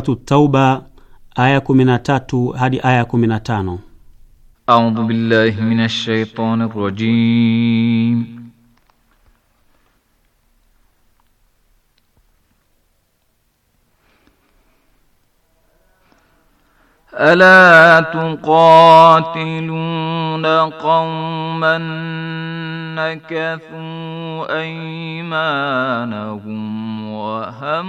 Suratu Tauba aya 13 hadi aya 15. A'udhu billahi minash shaitanir rajim. tuqatiluna qauman قوما aymanahum wa وهم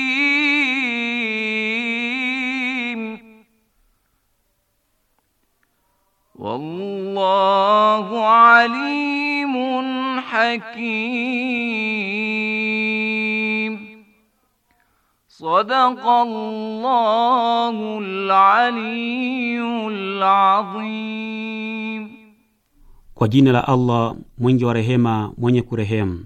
صدق الله العلي العظيم Kwa jina la Allah mwingi wa rehema mwenye kurehemu.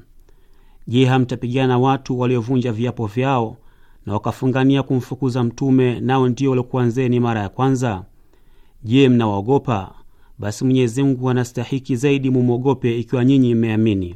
Je, hamtapigana watu waliovunja viapo vyao na wakafungania kumfukuza Mtume, nao ndio waliokuanzeni mara ya kwanza? Je, mnawaogopa? Basi Mwenyezi Mungu anastahiki zaidi mumwogope, ikiwa nyinyi mmeamini.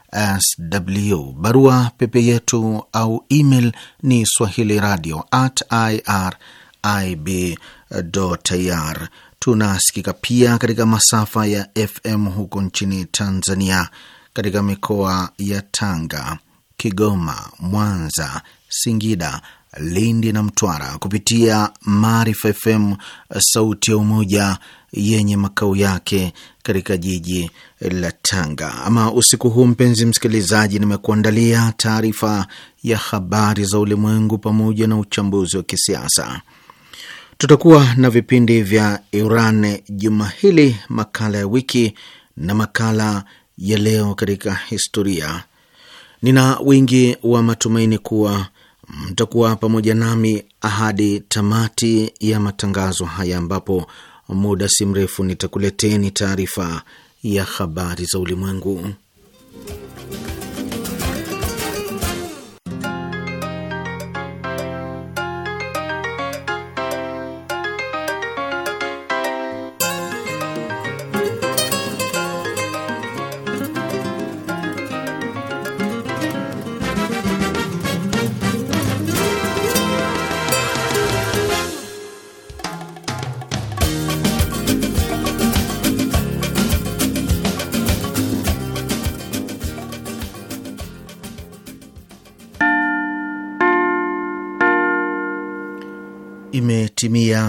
sw. Barua pepe yetu au email ni swahili radio at irib ir. Tunasikika pia katika masafa ya FM huko nchini Tanzania, katika mikoa ya Tanga, Kigoma, Mwanza, Singida, Lindi na Mtwara kupitia Maarifa FM, Sauti ya Umoja yenye makao yake katika jiji la Tanga. Ama usiku huu, mpenzi msikilizaji, nimekuandalia taarifa ya habari za ulimwengu pamoja na uchambuzi wa kisiasa. Tutakuwa na vipindi vya Iran juma hili, makala ya wiki na makala ya leo katika historia. Nina wingi wa matumaini kuwa mtakuwa pamoja nami ahadi tamati ya matangazo haya ambapo muda si mrefu nitakuleteni taarifa ya habari za ulimwengu.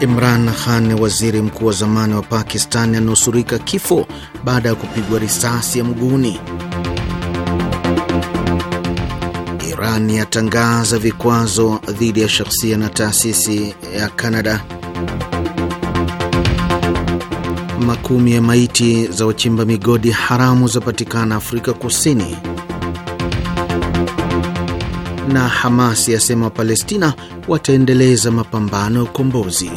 Imran Khan, waziri mkuu wa zamani wa Pakistani, anusurika kifo baada ya kupigwa risasi ya mguuni. Iran yatangaza vikwazo dhidi ya shakhsia na taasisi ya Kanada. Makumi ya maiti za wachimba migodi haramu zapatikana Afrika Kusini na Hamas yasema Wapalestina wataendeleza mapambano ya ukombozi.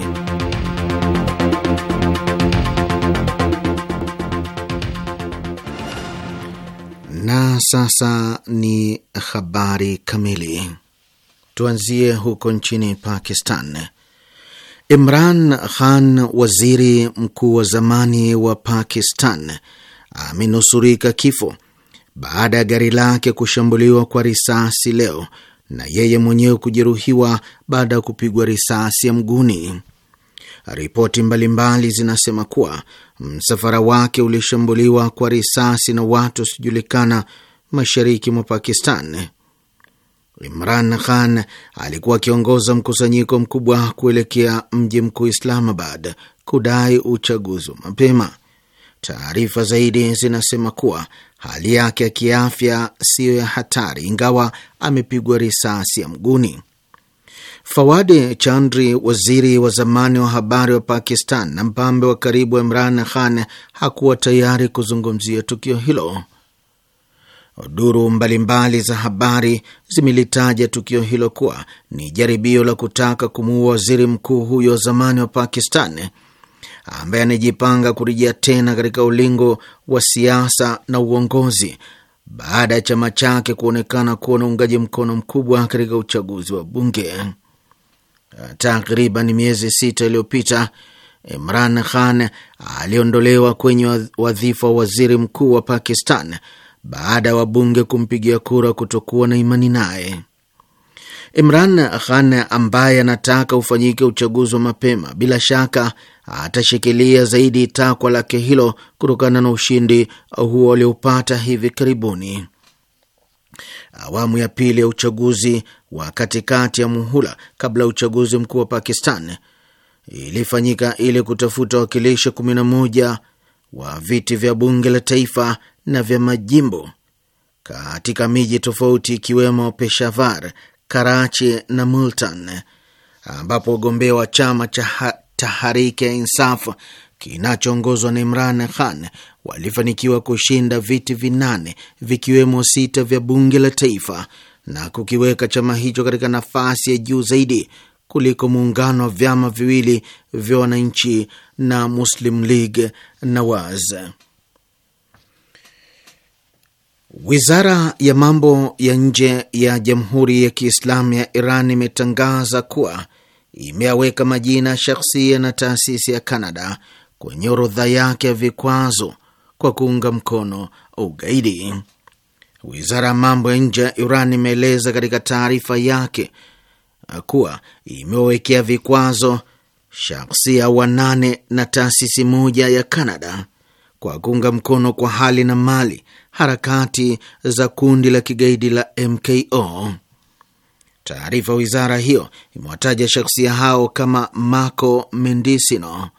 Na sasa ni habari kamili. Tuanzie huko nchini Pakistan. Imran Khan, waziri mkuu wa zamani wa Pakistan, amenusurika kifo baada ya gari lake kushambuliwa kwa risasi leo na yeye mwenyewe kujeruhiwa baada ya kupigwa risasi ya mguni Ripoti mbalimbali zinasema kuwa msafara wake ulishambuliwa kwa risasi na watu wasiojulikana mashariki mwa Pakistan. Imran Khan alikuwa akiongoza mkusanyiko mkubwa kuelekea mji mkuu Islamabad kudai uchaguzi wa mapema. Taarifa zaidi zinasema kuwa Hali yake ya kiafya siyo ya hatari, ingawa amepigwa risasi ya mguni. Fawadi Chandri, waziri wa zamani wa habari wa Pakistan na mpambe wa karibu wa Imran Khan, hakuwa tayari kuzungumzia tukio hilo. Duru mbalimbali za habari zimelitaja tukio hilo kuwa ni jaribio la kutaka kumuua waziri mkuu huyo wa zamani wa Pakistan ambaye anajipanga kurejea tena katika ulingo wa siasa na uongozi baada ya chama chake kuonekana kuwa na uungaji mkono mkubwa katika uchaguzi wa bunge. Takriban miezi sita iliyopita, Imran Khan aliondolewa kwenye wadhifa wa waziri mkuu wa Pakistan baada ya wabunge kumpigia kura kutokuwa na imani naye. Imran Khan ambaye anataka ufanyike uchaguzi wa mapema, bila shaka atashikilia zaidi takwa lake hilo kutokana na ushindi huo aliopata hivi karibuni. Awamu ya pili ya uchaguzi wa katikati ya muhula kabla ya uchaguzi mkuu wa Pakistan ilifanyika ili kutafuta wawakilishi 11 wa viti vya bunge la taifa na vya majimbo katika miji tofauti ikiwemo Peshawar Karachi na Multan, ambapo wagombea wa chama cha Tahariki ya Insaf kinachoongozwa na Imran Khan walifanikiwa kushinda viti vinane vikiwemo sita vya bunge la taifa na kukiweka chama hicho katika nafasi ya juu zaidi kuliko muungano wa vyama viwili vya wananchi na Muslim League na Nawaz. Wizara ya mambo ya nje ya Jamhuri ya Kiislamu ya Iran imetangaza kuwa imeaweka majina shakhsia na taasisi ya Kanada kwenye orodha yake ya vikwazo kwa kuunga mkono ugaidi. Wizara ya mambo ya nje ya Iran imeeleza katika taarifa yake kuwa imewawekea vikwazo shakhsia wanane na taasisi moja ya Kanada kwa kuunga mkono kwa hali na mali harakati za kundi la kigaidi la MKO. Taarifa wizara hiyo imewataja shaksia hao kama Marco Mendicino,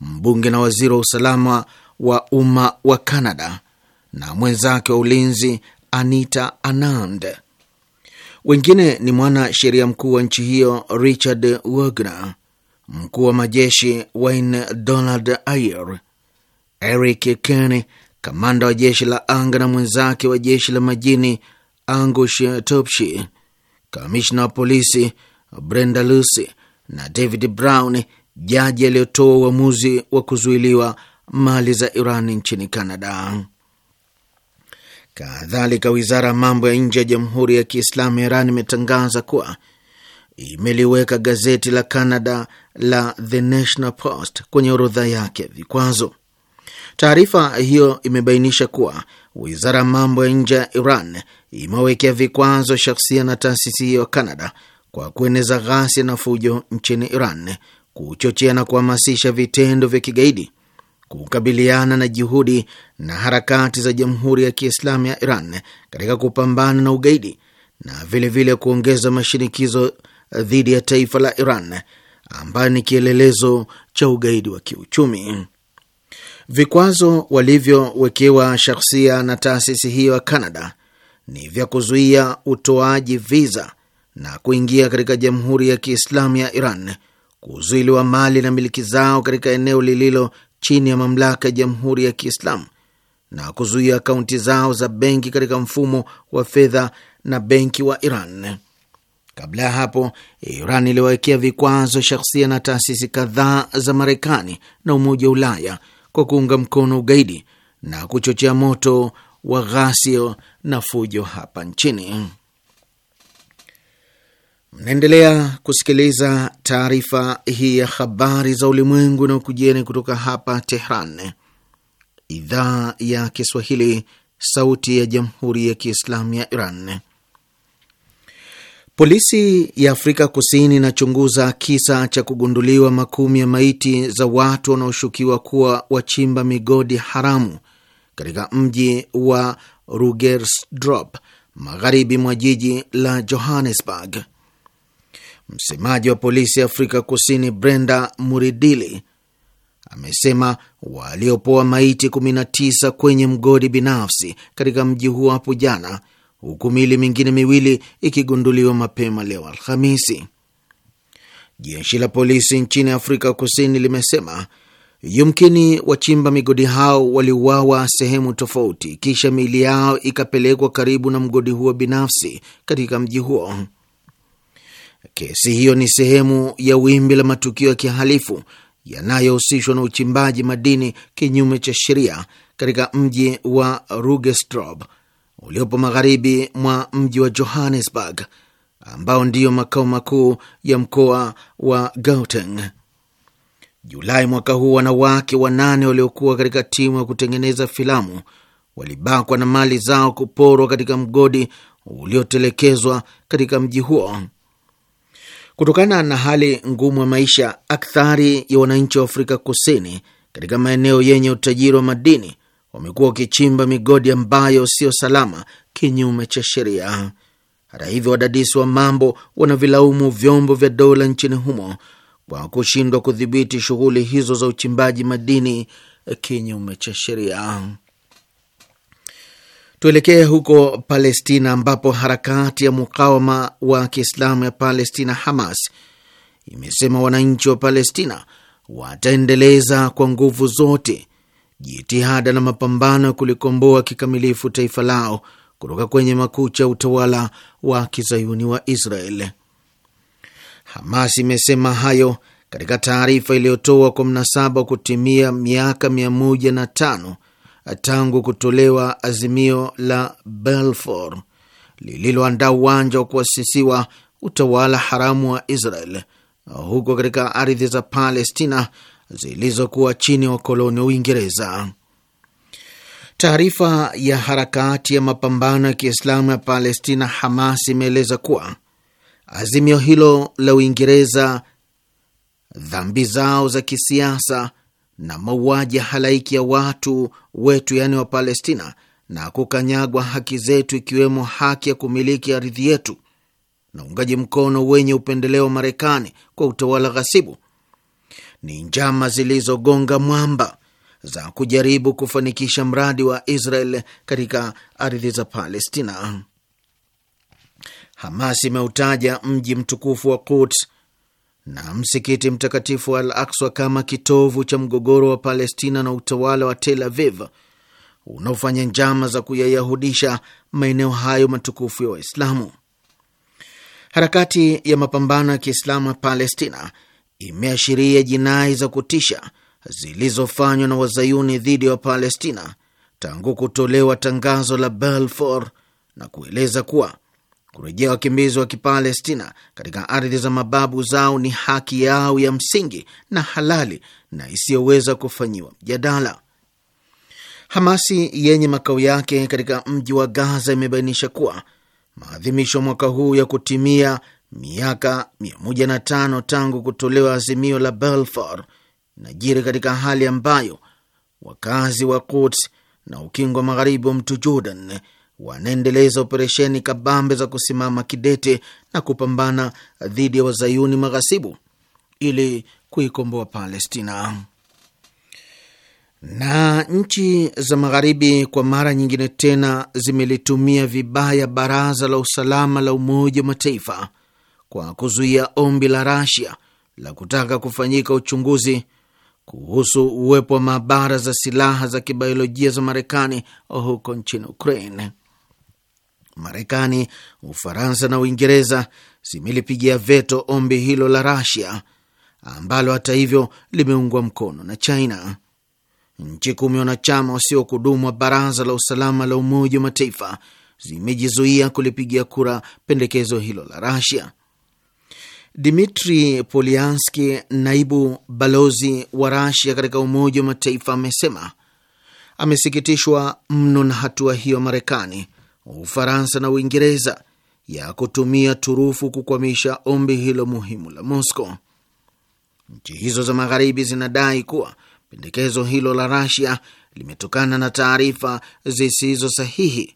mbunge na waziri wa usalama wa umma wa Canada, na mwenzake wa ulinzi Anita Anand. Wengine ni mwana sheria mkuu wa nchi hiyo Richard Wagner, mkuu wa majeshi Wayne Donald Ayer, Eric Kenney kamanda wa jeshi la anga na mwenzake wa jeshi la majini Angush Topshi, kamishna wa polisi Brenda Lucy na David Brown, jaji aliyotoa uamuzi wa kuzuiliwa mali za Iran nchini Canada. Kadhalika, wizara ya mambo ya nje ya Jamhuri ya Kiislamu ya Iran imetangaza kuwa imeliweka gazeti la Canada la The National Post kwenye orodha yake ya vikwazo. Taarifa hiyo imebainisha kuwa wizara ya mambo ya nje ya Iran imewekea vikwazo shakhsia na taasisi hiyo Canada kwa kueneza ghasia na fujo nchini Iran, kuchochea na kuhamasisha vitendo vya kigaidi, kukabiliana na juhudi na harakati za Jamhuri ya Kiislamu ya Iran katika kupambana na ugaidi na vilevile vile kuongeza mashinikizo dhidi ya taifa la Iran ambayo ni kielelezo cha ugaidi wa kiuchumi. Vikwazo walivyowekewa shahsia na taasisi hiyo ya Canada ni vya kuzuia utoaji viza na kuingia katika Jamhuri ya Kiislamu ya Iran, kuzuiliwa mali na miliki zao katika eneo lililo chini ya mamlaka ya Jamhuri ya Kiislamu na kuzuia akaunti zao za benki katika mfumo wa fedha na benki wa Iran. Kabla ya hapo, Iran iliwawekea vikwazo shahsia na taasisi kadhaa za Marekani na Umoja wa Ulaya kwa kuunga mkono ugaidi na kuchochea moto wa ghasio na fujo hapa nchini. Mnaendelea kusikiliza taarifa hii ya habari za ulimwengu na ukujeni kutoka hapa Tehran, idhaa ya Kiswahili, sauti ya jamhuri ya kiislamu ya Iran. Polisi ya Afrika Kusini inachunguza kisa cha kugunduliwa makumi ya maiti za watu wanaoshukiwa kuwa wachimba migodi haramu katika mji wa Rugersdorp, magharibi mwa jiji la Johannesburg. Msemaji wa polisi ya Afrika Kusini Brenda Muridili amesema waliopoa maiti 19 kwenye mgodi binafsi katika mji huo hapo jana huku miili mingine miwili ikigunduliwa mapema leo Alhamisi. Jeshi la polisi nchini Afrika Kusini limesema yumkini wachimba migodi hao waliuawa sehemu tofauti, kisha miili yao ikapelekwa karibu na mgodi huo binafsi katika mji huo. Kesi hiyo ni sehemu ya wimbi la matukio ya kihalifu yanayohusishwa na uchimbaji madini kinyume cha sheria katika mji wa rugestrob uliopo magharibi mwa mji wa Johannesburg ambao ndiyo makao makuu ya mkoa wa Gauteng. Julai mwaka huu, wanawake wanane waliokuwa katika timu ya kutengeneza filamu walibakwa na mali zao kuporwa katika mgodi uliotelekezwa katika mji huo. Kutokana na hali ngumu ya maisha, akthari ya wananchi wa Afrika Kusini katika maeneo yenye utajiri wa madini wamekuwa wakichimba migodi ambayo sio salama, kinyume cha sheria. Hata hivyo, wadadisi wa mambo wanavilaumu vyombo vya dola nchini humo kwa kushindwa kudhibiti shughuli hizo za uchimbaji madini kinyume cha sheria. Tuelekee huko Palestina ambapo harakati ya mukawama wa Kiislamu ya Palestina, Hamas, imesema wananchi wa Palestina wataendeleza kwa nguvu zote jitihada na mapambano ya kulikomboa kikamilifu taifa lao kutoka kwenye makucha ya utawala wa kizayuni wa Israel. Hamas imesema hayo katika taarifa iliyotoa kwa mnasaba wa kutimia miaka mia moja na tano tangu kutolewa azimio la Balfour lililoandaa uwanja wa kuasisiwa utawala haramu wa Israel huko katika ardhi za Palestina zilizokuwa chini ya wakoloni wa Uingereza. Taarifa ya harakati ya mapambano ya Kiislamu ya Palestina, Hamas, imeeleza kuwa azimio hilo la Uingereza, dhambi zao za kisiasa na mauaji ya halaiki ya watu wetu, yaani wa Palestina, na kukanyagwa haki zetu, ikiwemo haki ya kumiliki ardhi yetu, na uungaji mkono wenye upendeleo wa Marekani kwa utawala ghasibu ni njama zilizogonga mwamba za kujaribu kufanikisha mradi wa Israel katika ardhi za Palestina. Hamas imeutaja mji mtukufu wa Quds na msikiti mtakatifu wa Al Akswa kama kitovu cha mgogoro wa Palestina na utawala wa Tel Aviv unaofanya njama za kuyayahudisha maeneo hayo matukufu ya Waislamu. Harakati ya mapambano ya Kiislamu ya Palestina imeashiria jinai za kutisha zilizofanywa na wazayuni dhidi ya wa Wapalestina tangu kutolewa tangazo la Balfour na kueleza kuwa kurejea wakimbizi wa Kipalestina katika ardhi za mababu zao ni haki yao ya msingi na halali na isiyoweza kufanyiwa mjadala. Hamasi yenye makao yake katika mji wa Gaza imebainisha kuwa maadhimisho mwaka huu ya kutimia Miaka 105 tangu kutolewa azimio la Balfour inajiri katika hali ambayo wakazi wa Quds na ukingo magharibi wa mto Jordan wanaendeleza operesheni kabambe za kusimama kidete na kupambana dhidi ya wazayuni maghasibu ili kuikomboa Palestina. Na nchi za magharibi kwa mara nyingine tena zimelitumia vibaya Baraza la Usalama la Umoja wa Mataifa kwa kuzuia ombi la Rasia la kutaka kufanyika uchunguzi kuhusu uwepo wa maabara za silaha za kibiolojia za Marekani huko nchini Ukraine. Marekani, Ufaransa na Uingereza zimelipigia veto ombi hilo la Rasia ambalo hata hivyo limeungwa mkono na China. Nchi kumi wanachama kudumu wa Baraza la Usalama la Umoja wa Mataifa zimejizuia kulipigia kura pendekezo hilo la Rasia Dmitri Polianski, naibu balozi wa Rasia katika Umoja wa Mataifa, amesema amesikitishwa mno na hatua hiyo Marekani, Ufaransa na Uingereza ya kutumia turufu kukwamisha ombi hilo muhimu la Moscow. Nchi hizo za magharibi zinadai kuwa pendekezo hilo la Rasia limetokana na taarifa zisizo sahihi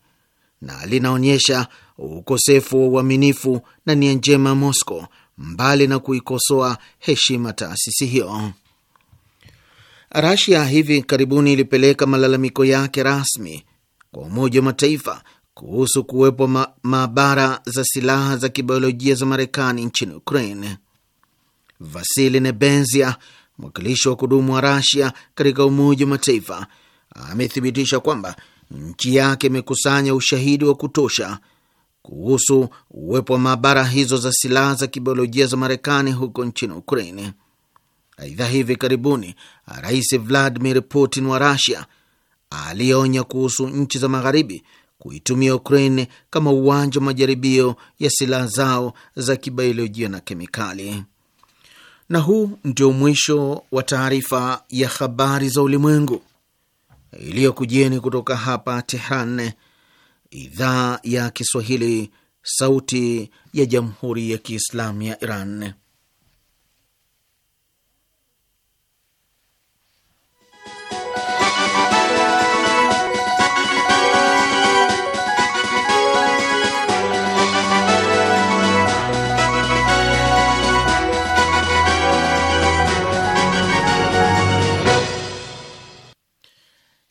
na linaonyesha ukosefu wa uaminifu na nia njema Moscow mbali na kuikosoa heshima taasisi hiyo. Rasia hivi karibuni ilipeleka malalamiko yake rasmi kwa Umoja wa Mataifa kuhusu kuwepo maabara za silaha za kibiolojia za Marekani nchini Ukraine. Vasili Nebenzia, mwakilishi wa kudumu wa Rasia katika Umoja wa Mataifa, amethibitisha kwamba nchi yake imekusanya ushahidi wa kutosha kuhusu uwepo wa maabara hizo za silaha za kibiolojia za Marekani huko nchini Ukraini. Aidha, hivi karibuni Rais Vladimir Putin wa Rasia alionya kuhusu nchi za magharibi kuitumia Ukraine kama uwanja wa majaribio ya silaha zao za kibaiolojia na kemikali. Na huu ndio mwisho wa taarifa ya habari za ulimwengu iliyokujieni kutoka hapa Tehran, idhaa ya Kiswahili, sauti ya jamhuri ya kiislamu ya Iran.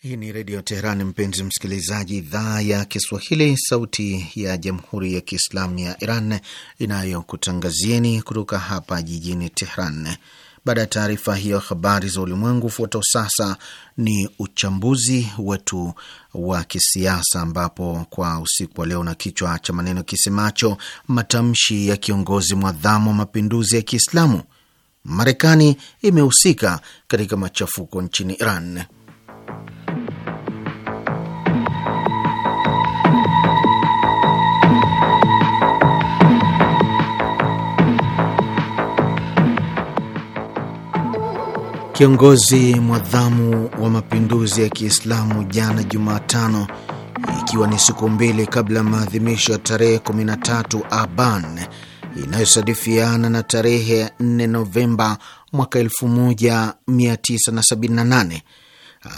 Hii ni Redio Teheran, mpenzi msikilizaji, idhaa ya Kiswahili, sauti ya Jamhuri ya Kiislamu ya Iran inayokutangazieni kutoka hapa jijini Teheran. Baada ya taarifa hiyo habari za ulimwengu, hufuatao sasa ni uchambuzi wetu wa kisiasa, ambapo kwa usiku wa leo na kichwa cha maneno kisemacho matamshi ya kiongozi mwadhamu wa mapinduzi ya Kiislamu, Marekani imehusika katika machafuko nchini Iran. Kiongozi mwadhamu wa mapinduzi ya Kiislamu jana Jumatano, ikiwa ni siku mbili kabla ya maadhimisho ya tarehe 13 Aban inayosadifiana na tarehe 4 Novemba mwaka 1978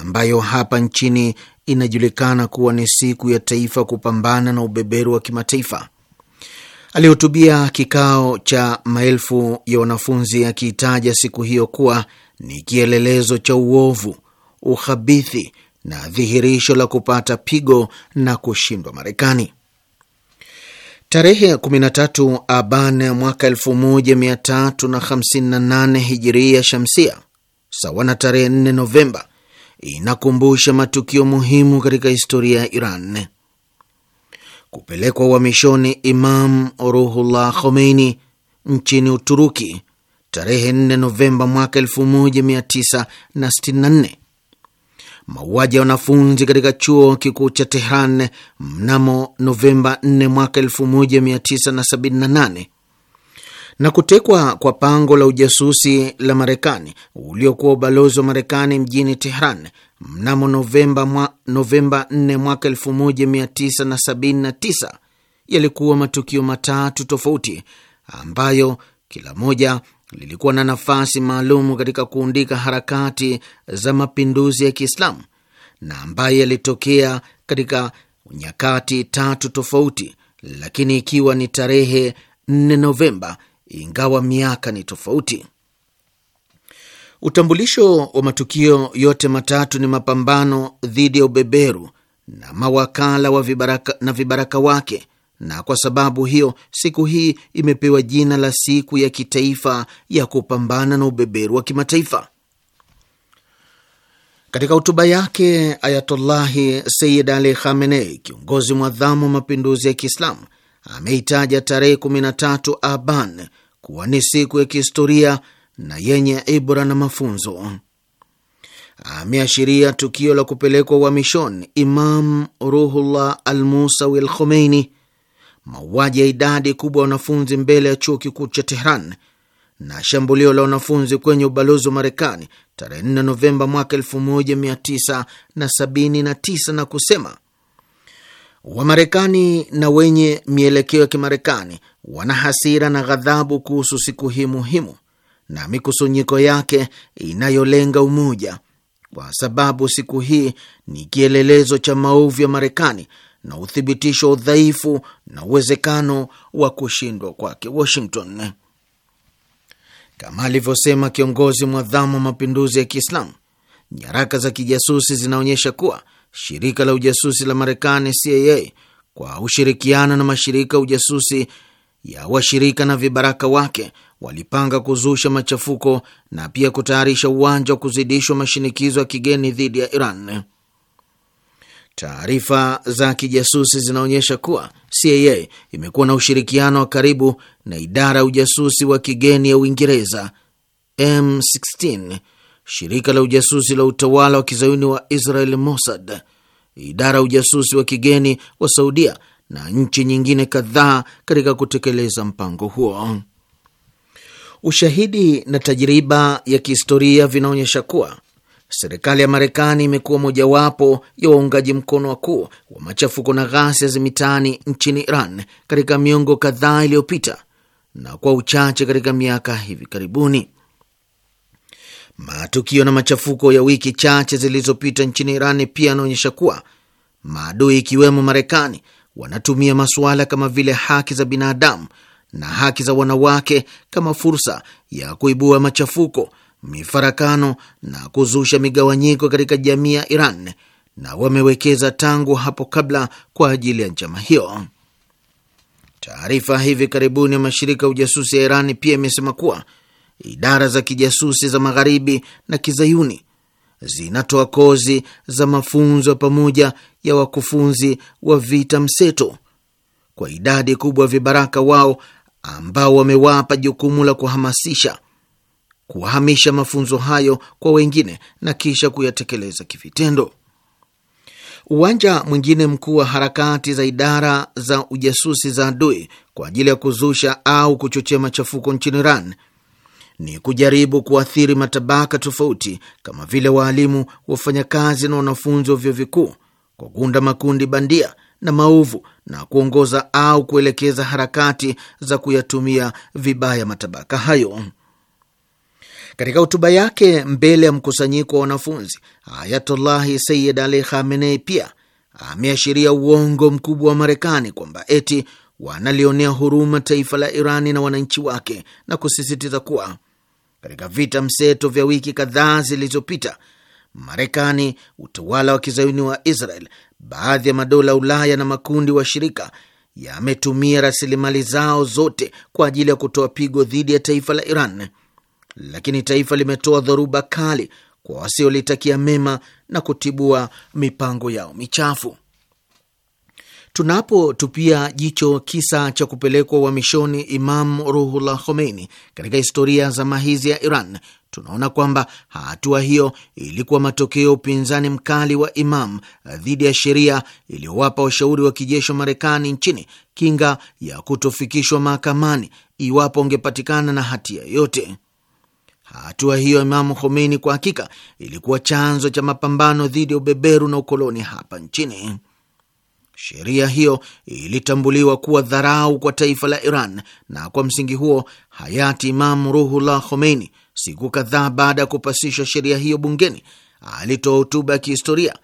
ambayo hapa nchini inajulikana kuwa ni siku ya taifa kupambana na ubeberu wa kimataifa alihutubia kikao cha maelfu ya wanafunzi akiitaja siku hiyo kuwa ni kielelezo cha uovu, uhabithi na dhihirisho la kupata pigo na kushindwa Marekani. Tarehe ya 13 Aban mwaka 1358 hijiria shamsia, sawa na tarehe 4 Novemba, inakumbusha matukio muhimu katika historia ya Iran: kupelekwa uhamishoni Imam Ruhullah Khomeini nchini Uturuki tarehe 4 Novemba mwaka 1964 mauaji ya wanafunzi katika chuo kikuu cha Tehran mnamo Novemba 4 mwaka 1978 na kutekwa kwa pango la ujasusi la Marekani uliokuwa ubalozi wa Marekani mjini Tehran mnamo Novemba, mwa, Novemba 4 mwaka 1979 yalikuwa matukio matatu tofauti ambayo kila moja lilikuwa na nafasi maalum katika kuundika harakati za mapinduzi ya Kiislamu na ambaye yalitokea katika nyakati tatu tofauti, lakini ikiwa ni tarehe 4 Novemba, ingawa miaka ni tofauti. Utambulisho wa matukio yote matatu ni mapambano dhidi ya ubeberu na mawakala wa vibaraka, na vibaraka wake na kwa sababu hiyo siku hii imepewa jina la siku ya kitaifa ya kupambana na ubeberu wa kimataifa. Katika hotuba yake, Ayatullahi Sayid Ali Khamenei, kiongozi mwadhamu wa mapinduzi ya Kiislamu, ameitaja tarehe 13 Aban kuwa ni siku ya kihistoria na yenye ibra na mafunzo. Ameashiria tukio la kupelekwa uhamishoni Imam Ruhullah al Musawi al mauaji ya idadi kubwa ya wanafunzi mbele ya chuo kikuu cha Tehran na shambulio la wanafunzi kwenye ubalozi wa Marekani tarehe 4 Novemba mwaka 1979 na, na kusema Wamarekani na wenye mielekeo ya Kimarekani wana hasira na ghadhabu kuhusu siku hii muhimu na mikusanyiko yake inayolenga umoja, kwa sababu siku hii ni kielelezo cha maovu ya Marekani na uthibitisho wa udhaifu na uwezekano wa kushindwa kwake Washington. Kama alivyosema kiongozi mwadhamu wa mapinduzi ya Kiislamu, nyaraka za kijasusi zinaonyesha kuwa shirika la ujasusi la Marekani CIA kwa ushirikiano na mashirika ujasusi ya washirika na vibaraka wake walipanga kuzusha machafuko na pia kutayarisha uwanja wa kuzidishwa mashinikizo ya kigeni dhidi ya Iran. Taarifa za kijasusi zinaonyesha kuwa CIA imekuwa na ushirikiano wa karibu na idara ya ujasusi wa kigeni ya Uingereza M16, shirika la ujasusi la utawala wa kizayuni wa Israel Mossad, idara ya ujasusi wa kigeni wa Saudia na nchi nyingine kadhaa katika kutekeleza mpango huo. Ushahidi na tajiriba ya kihistoria vinaonyesha kuwa Serikali ya Marekani imekuwa mojawapo ya waungaji mkono wakuu wa machafuko na ghasia za mitaani nchini Iran katika miongo kadhaa iliyopita na kwa uchache katika miaka hivi karibuni. Matukio na machafuko ya wiki chache zilizopita nchini Iran pia yanaonyesha kuwa maadui ikiwemo Marekani wanatumia masuala kama vile haki za binadamu na haki za wanawake kama fursa ya kuibua machafuko mifarakano na kuzusha migawanyiko katika jamii ya Iran na wamewekeza tangu hapo kabla kwa ajili ya njama hiyo. Taarifa hivi karibuni ya mashirika ya ujasusi ya Iran pia imesema kuwa idara za kijasusi za magharibi na kizayuni zinatoa kozi za mafunzo pamoja ya wakufunzi wa vita mseto kwa idadi kubwa ya vibaraka wao ambao wamewapa jukumu la kuhamasisha kuhamisha mafunzo hayo kwa wengine na kisha kuyatekeleza kivitendo. Uwanja mwingine mkuu wa harakati za idara za ujasusi za adui kwa ajili ya kuzusha au kuchochea machafuko nchini Iran ni kujaribu kuathiri matabaka tofauti kama vile waalimu, wafanyakazi na wanafunzi wa vyuo vikuu kwa kuunda makundi bandia na maovu na kuongoza au kuelekeza harakati za kuyatumia vibaya matabaka hayo. Katika hotuba yake mbele ya mkusanyiko wa wanafunzi, Ayatullahi Sayid Ali Khamenei pia ameashiria uongo mkubwa wa Marekani kwamba eti wanalionea huruma taifa la Irani na wananchi wake na kusisitiza kuwa katika vita mseto vya wiki kadhaa zilizopita, Marekani, utawala wa kizayuni wa Israel, baadhi ya madola Ulaya na makundi washirika yametumia rasilimali zao zote kwa ajili ya kutoa pigo dhidi ya taifa la Iran lakini taifa limetoa dhoruba kali kwa wasiolitakia mema na kutibua mipango yao michafu. Tunapotupia jicho kisa cha kupelekwa uhamishoni Imam Ruhullah Khomeini katika historia zama hizi ya Iran, tunaona kwamba hatua hiyo ilikuwa matokeo ya upinzani mkali wa Imam dhidi ya sheria iliyowapa washauri wa kijeshi wa Marekani nchini kinga ya kutofikishwa mahakamani iwapo wangepatikana na hatia yoyote. Hatua hiyo Imamu Khomeini kwa hakika ilikuwa chanzo cha mapambano dhidi ya ubeberu na ukoloni hapa nchini. Sheria hiyo ilitambuliwa kuwa dharau kwa taifa la Iran, na kwa msingi huo hayati Imamu Ruhullah Khomeini, siku kadhaa baada ya kupasisha sheria hiyo bungeni, alitoa hotuba ya kihistoria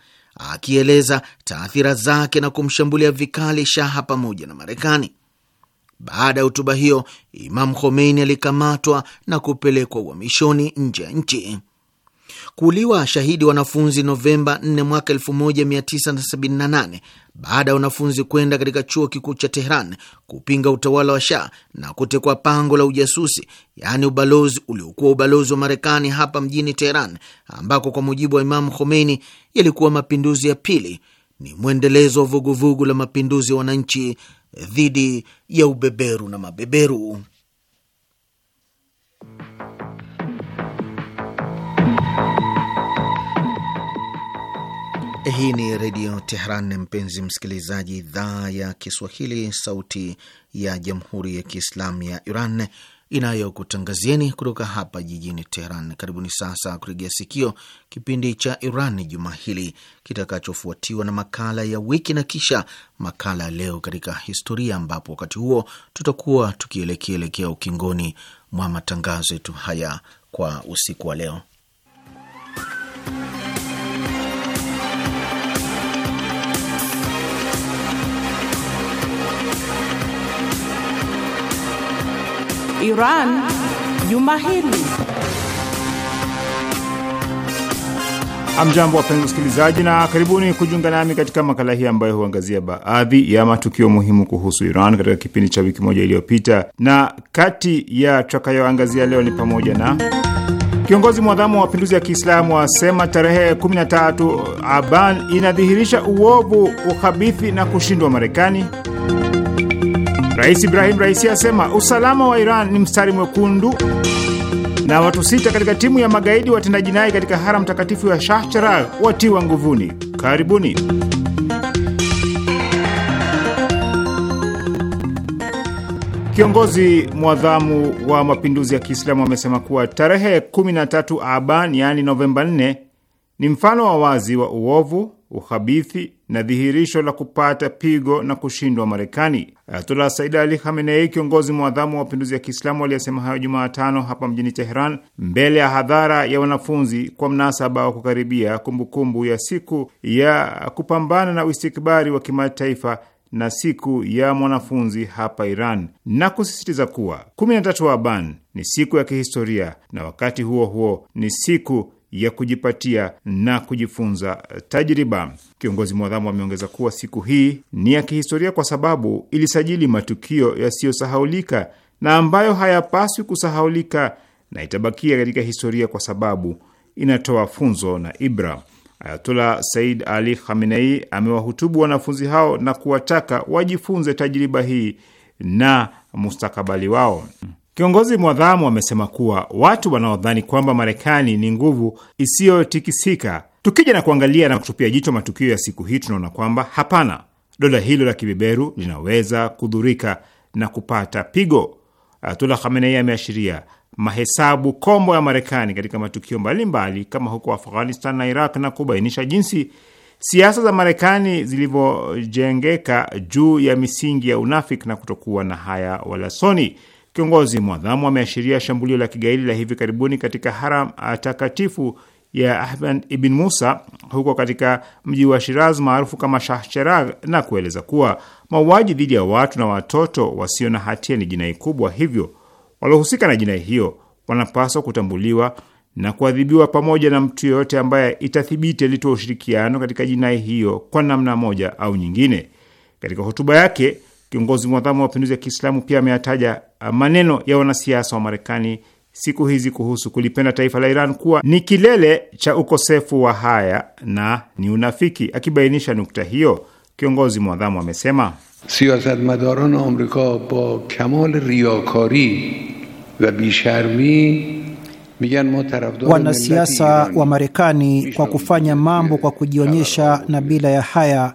akieleza taathira zake na kumshambulia vikali shaha pamoja na Marekani. Baada ya hotuba hiyo, Imam Khomeini alikamatwa na kupelekwa uhamishoni nje ya nchi. Kuuliwa shahidi wanafunzi Novemba 4 mwaka 1978 baada ya wanafunzi kwenda katika chuo kikuu cha Tehran kupinga utawala wa Shah na kutekwa pango la ujasusi, yaani ubalozi uliokuwa ubalozi wa Marekani hapa mjini Tehran, ambako kwa mujibu wa Imamu Khomeini yalikuwa mapinduzi ya pili, ni mwendelezo wa vuguvugu la mapinduzi ya wananchi dhidi ya ubeberu na mabeberu. Hii ni Redio Tehran, mpenzi msikilizaji, idhaa ya Kiswahili, sauti ya Jamhuri ya Kiislamu ya Iran inayokutangazieni kutoka hapa jijini Teheran. Karibuni sasa kuregea sikio kipindi cha Iran juma hili kitakachofuatiwa na makala ya wiki na kisha makala ya leo katika historia, ambapo wakati huo tutakuwa tukielekeelekea ukingoni mwa matangazo yetu haya kwa usiku wa leo. Iran juma hili. Amjambo, wapenzi wasikilizaji, na karibuni kujiunga nami katika makala hii ambayo huangazia baadhi ya matukio muhimu kuhusu Iran katika kipindi cha wiki moja iliyopita, na kati ya tutakayoangazia leo ni pamoja na Kiongozi mwadhamu wa mapinduzi ya Kiislamu asema tarehe 13 Aban inadhihirisha uovu, ukhabithi na kushindwa Marekani. Rais Ibrahim Raisi asema usalama wa Iran ni mstari mwekundu. Na watu sita katika timu ya magaidi watenda jinai katika haram takatifu ya Shah Cheragh watiwa nguvuni. Karibuni. Kiongozi mwadhamu wa mapinduzi ya Kiislamu amesema kuwa tarehe 13 Aban, yaani Novemba 4, ni mfano wa wazi wa uovu, uhabithi na dhihirisho la kupata pigo na kushindwa Marekani. Ayatullah Said Ali Khamenei, kiongozi mwadhamu wa mapinduzi ya Kiislamu, aliyesema hayo jumaatano hapa mjini Teheran, mbele ya hadhara ya wanafunzi kwa mnasaba wa kukaribia kumbukumbu ya siku ya kupambana na uistikbari wa kimataifa na siku ya mwanafunzi hapa Iran na kusisitiza kuwa 13 Aban ni siku ya kihistoria na wakati huo huo ni siku ya kujipatia na kujifunza tajriba. Kiongozi mwadhamu ameongeza kuwa siku hii ni ya kihistoria kwa sababu ilisajili matukio yasiyosahaulika na ambayo hayapaswi kusahaulika na itabakia katika historia kwa sababu inatoa funzo na ibra. Ayatullah Said Ali Khamenei amewahutubu wanafunzi hao na kuwataka wajifunze tajriba hii na mustakabali wao. Kiongozi mwadhamu amesema kuwa watu wanaodhani kwamba Marekani ni nguvu isiyotikisika. Tukija na kuangalia na kutupia jicho matukio ya siku hii, tunaona kwamba hapana, dola hilo la kibeberu linaweza kudhurika na kupata pigo. Ayatullah Khamenei ameashiria mahesabu kombo ya Marekani katika matukio mbalimbali mbali, kama huko Afghanistan na Iraq na kubainisha jinsi siasa za Marekani zilivyojengeka juu ya misingi ya unafiki na kutokuwa na haya wala soni. Kiongozi mwadhamu ameashiria shambulio la kigaidi la hivi karibuni katika haram ah, takatifu ya Ahmad ibn Musa huko katika mji wa Shiraz maarufu kama Shah Cheragh na kueleza kuwa mauaji dhidi ya watu na watoto wasio na hatia ni jinai kubwa, hivyo waliohusika na jinai hiyo wanapaswa kutambuliwa na kuadhibiwa pamoja na mtu yoyote ambaye itathibiti alitoa ushirikiano katika jinai hiyo kwa namna moja au nyingine. Katika hotuba yake, kiongozi mwadhamu wa mapinduzi ya Kiislamu pia ameyataja Uh, maneno ya wanasiasa wa Marekani siku hizi kuhusu kulipenda taifa la Iran kuwa ni kilele cha ukosefu wa haya na ni unafiki. Akibainisha nukta hiyo, kiongozi mwadhamu amesema siyasetmadaran amrika ba kamal riyakari wa bisharmi Wanasiasa wa Marekani kwa kufanya mambo kwa kujionyesha na bila ya haya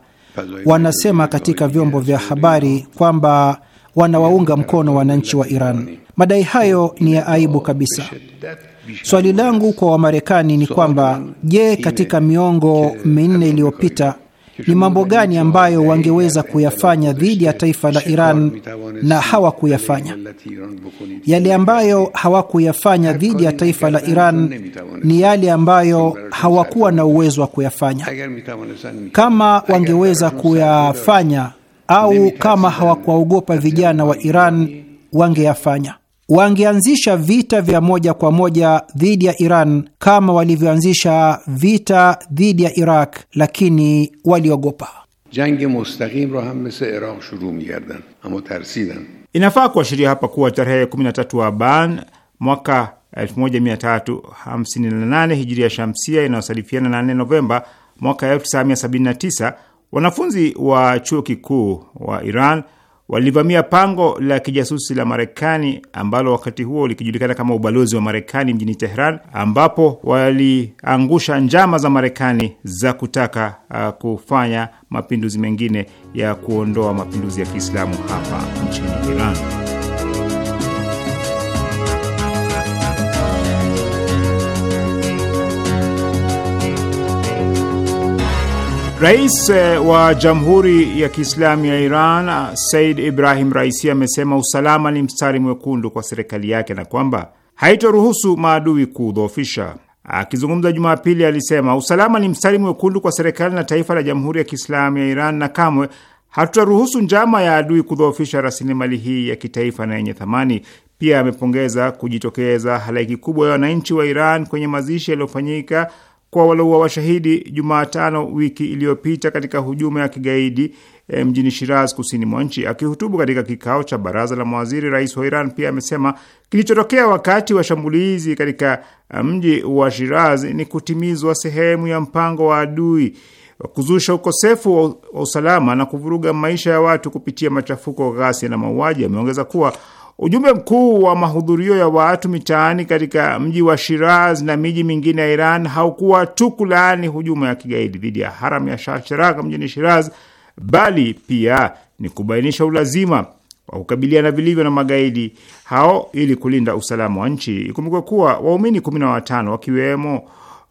wanasema katika vyombo vya habari kwamba wanawaunga mkono wananchi wa Iran. Madai hayo ni ya aibu kabisa. Swali langu kwa Wamarekani ni kwamba je, katika miongo minne iliyopita ni mambo gani ambayo wangeweza kuyafanya dhidi ya taifa la Iran na hawakuyafanya? Yale ambayo hawakuyafanya dhidi ya taifa la Iran ni yale ambayo hawakuwa na uwezo wa kuyafanya. Kama wangeweza kuyafanya au kama hawakuwaogopa vijana wa Iran wangeyafanya. Wangeanzisha vita vya moja kwa moja dhidi ya Iran kama walivyoanzisha vita dhidi ya Iraq, lakini waliogopa. jangi mustaqim ro ham misl iraq shuru migardan amo tarsidan. Inafaa kuashiria hapa kuwa tarehe 13 wa Aban mwaka 1358 hijiria shamsia inayosalifiana na 4 Novemba mwaka 1979 Wanafunzi wa chuo kikuu wa Iran walivamia pango la kijasusi la Marekani ambalo wakati huo likijulikana kama ubalozi wa Marekani mjini Tehran, ambapo waliangusha njama za Marekani za kutaka uh, kufanya mapinduzi mengine ya kuondoa mapinduzi ya Kiislamu hapa nchini Iran. Rais eh, wa Jamhuri ya Kiislamu ya Iran ah, Said Ibrahim Raisi amesema usalama ni mstari mwekundu kwa serikali yake na kwamba haitoruhusu maadui kuudhoofisha. Akizungumza Jumapili alisema usalama ni mstari mwekundu kwa serikali na taifa la Jamhuri ya Kiislamu ya Iran na kamwe hatutaruhusu njama ya adui kudhoofisha rasilimali hii ya kitaifa na yenye thamani. Pia amepongeza kujitokeza halaiki kubwa ya wananchi wa Iran kwenye mazishi yaliyofanyika kwa walouawa washahidi Jumatano wiki iliyopita katika hujuma ya kigaidi e, mjini Shiraz kusini mwa nchi. Akihutubu katika kikao cha baraza la mawaziri, rais wa Iran pia amesema kilichotokea wakati wa shambulizi katika eh, mji wa Shiraz ni kutimizwa sehemu ya mpango wa adui wa kuzusha ukosefu wa usalama na kuvuruga maisha ya watu kupitia machafuko, ghasia na mauaji. Ameongeza kuwa Ujumbe mkuu wa mahudhurio ya watu mitaani katika mji wa Shiraz na miji mingine ya Iran haukuwa tu kulaani hujuma ya kigaidi dhidi ya haram ya Shah Cheragh mjini Shiraz, bali pia ni kubainisha ulazima wa kukabiliana vilivyo na magaidi hao ili kulinda usalama wa nchi. Ikumbukwe kuwa waumini kumi na watano wakiwemo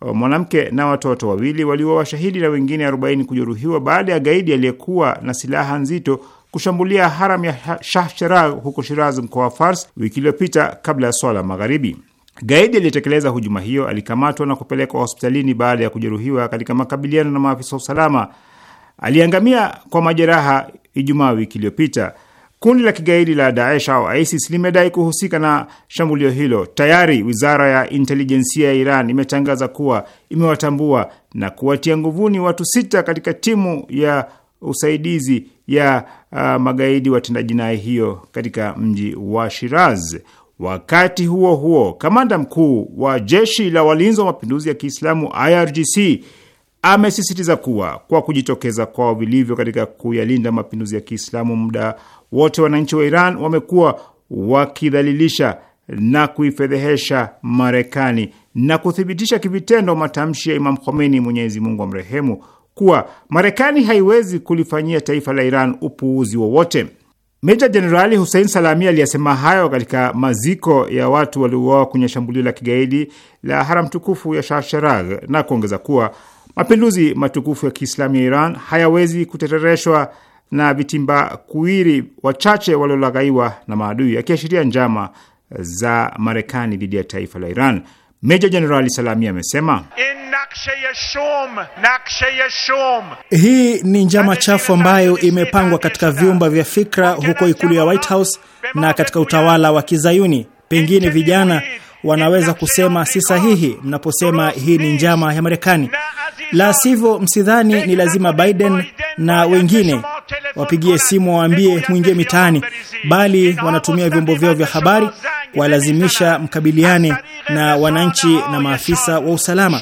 uh, mwanamke na watoto wawili waliuawa na wengine 40 kujeruhiwa baada ya gaidi aliyekuwa na silaha nzito kushambulia haram ya Shah Cheragh huko Shiraz, mkoa wa Fars, wiki iliyopita kabla ya swala magharibi. Gaidi aliyetekeleza hujuma hiyo alikamatwa na kupelekwa hospitalini baada ya kujeruhiwa katika makabiliano na maafisa wa usalama. Aliangamia kwa majeraha Ijumaa wiki iliyopita. Kundi la kigaidi la Daesh au ISIS limedai kuhusika na shambulio hilo. Tayari wizara ya intelijensia ya Iran imetangaza kuwa imewatambua na kuwatia nguvuni watu sita katika timu ya usaidizi ya uh, magaidi watenda jinai hiyo katika mji wa Shiraz. Wakati huo huo, kamanda mkuu wa jeshi la walinzi wa mapinduzi ya Kiislamu IRGC amesisitiza kuwa kwa kujitokeza kwao vilivyo katika kuyalinda mapinduzi ya Kiislamu muda wote, wananchi wa Iran wamekuwa wakidhalilisha na kuifedhehesha Marekani na kuthibitisha kivitendo matamshi ya Imam Khomeini, Mwenyezi Mungu amrehemu, kuwa Marekani haiwezi kulifanyia taifa la Iran upuuzi wowote. Meja Jenerali Hussein Salami aliyesema hayo katika maziko ya watu waliouawa kwenye shambulio la kigaidi la haram tukufu ya Shah Cheragh na kuongeza kuwa mapinduzi matukufu ya Kiislamu ya Iran hayawezi kutetereshwa na vitimba kuiri wachache waliolaghaiwa na maadui, akiashiria njama za Marekani dhidi ya taifa la Iran. Meja Jenerali Salami amesema hii ni njama chafu ambayo imepangwa katika vyumba vya fikra huko ikulu ya White House na katika utawala wa Kizayuni. Pengine vijana wanaweza kusema si sahihi mnaposema hii ni njama ya Marekani. La sivyo, msidhani ni lazima Biden na wengine wapigie simu waambie mwingie mitaani, bali wanatumia vyombo vyao vya habari kuwalazimisha mkabiliane na wananchi na maafisa wa usalama.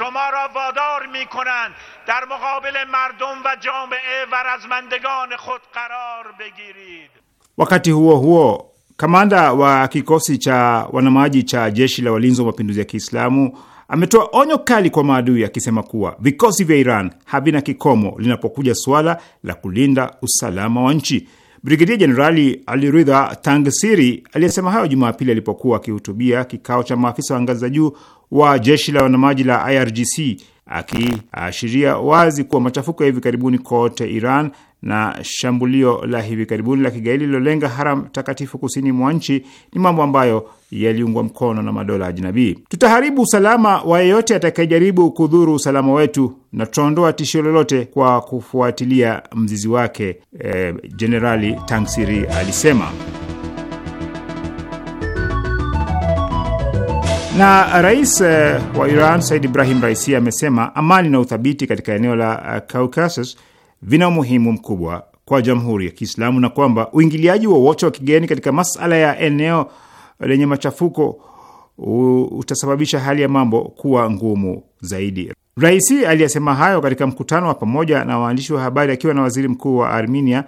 Wakati huo huo Kamanda wa kikosi cha wanamaji cha jeshi la walinzi wa mapinduzi ya Kiislamu ametoa onyo kali kwa maadui akisema kuwa vikosi vya Iran havina kikomo linapokuja suala la kulinda usalama wa nchi. Brigedia Jenerali Aliridha Tangsiri aliyesema hayo Jumapili alipokuwa akihutubia kikao cha maafisa wa ngazi za juu wa jeshi la wanamaji la IRGC, akiashiria wazi kuwa machafuko ya hivi karibuni kote Iran na shambulio la hivi karibuni la kigaidi lilolenga haram takatifu kusini mwa nchi ni mambo ambayo yaliungwa mkono na madola ajinabii. Tutaharibu usalama wa yeyote atakayejaribu kudhuru usalama wetu na tutaondoa tishio lolote kwa kufuatilia mzizi wake, Jenerali e, eh, Tangsiri alisema. Na rais e, wa Iran Said Ibrahim Raisi amesema amani na uthabiti katika eneo la Caucasus vina umuhimu mkubwa kwa Jamhuri ya Kiislamu na kwamba uingiliaji wowote wa, wa kigeni katika masala ya eneo lenye machafuko utasababisha hali ya mambo kuwa ngumu zaidi. Raisi aliyesema hayo katika mkutano wa pamoja na waandishi wa habari akiwa na waziri mkuu wa Armenia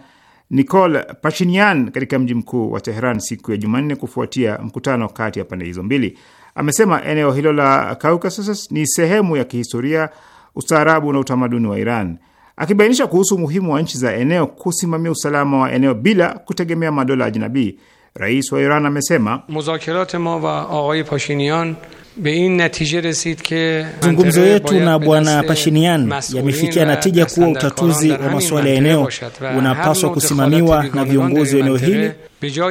Nikol Pashinyan katika mji mkuu wa Teheran siku ya Jumanne kufuatia mkutano kati ya pande hizo mbili. Amesema eneo hilo la Caucasus ni sehemu ya kihistoria, ustaarabu na utamaduni wa Iran akibainisha kuhusu umuhimu wa nchi za eneo kusimamia usalama wa eneo bila kutegemea madola ajnabii. Rais wa Iran amesema Mazungumzo yetu na Bwana Pashinian yamefikia natija kuwa utatuzi wa masuala ya eneo unapaswa kusimamiwa na viongozi wa eneo hili,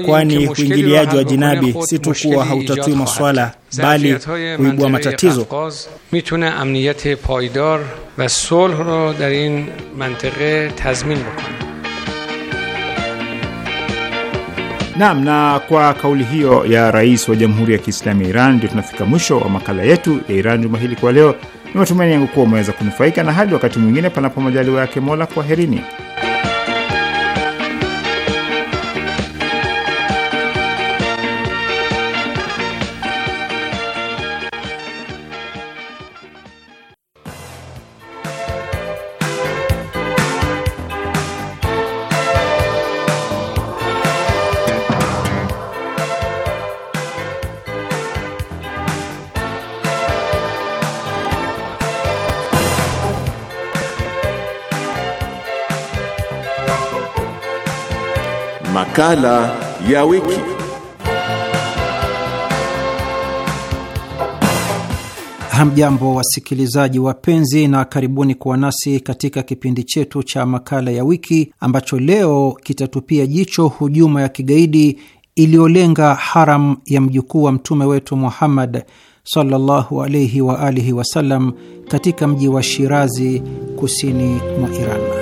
kwani uingiliaji wa jinabi si tu kuwa hautatui masuala bali huibua matatizo. Naam, na kwa kauli hiyo ya rais wa Jamhuri ya Kiislamu ya Iran ndio tunafika mwisho wa makala yetu ya Iran juma hili kwa leo. Ni matumaini yangu kuwa umeweza kunufaika, na hadi wakati mwingine, panapo majaliwa yake Mola, kwaherini. Makala ya wiki. Hamjambo wasikilizaji wapenzi, na karibuni kuwa nasi katika kipindi chetu cha makala ya wiki ambacho leo kitatupia jicho hujuma ya kigaidi iliyolenga haram ya mjukuu wa mtume wetu Muhammad sallallahu alayhi wa alihi wasallam katika mji wa Shirazi kusini mwa Iran.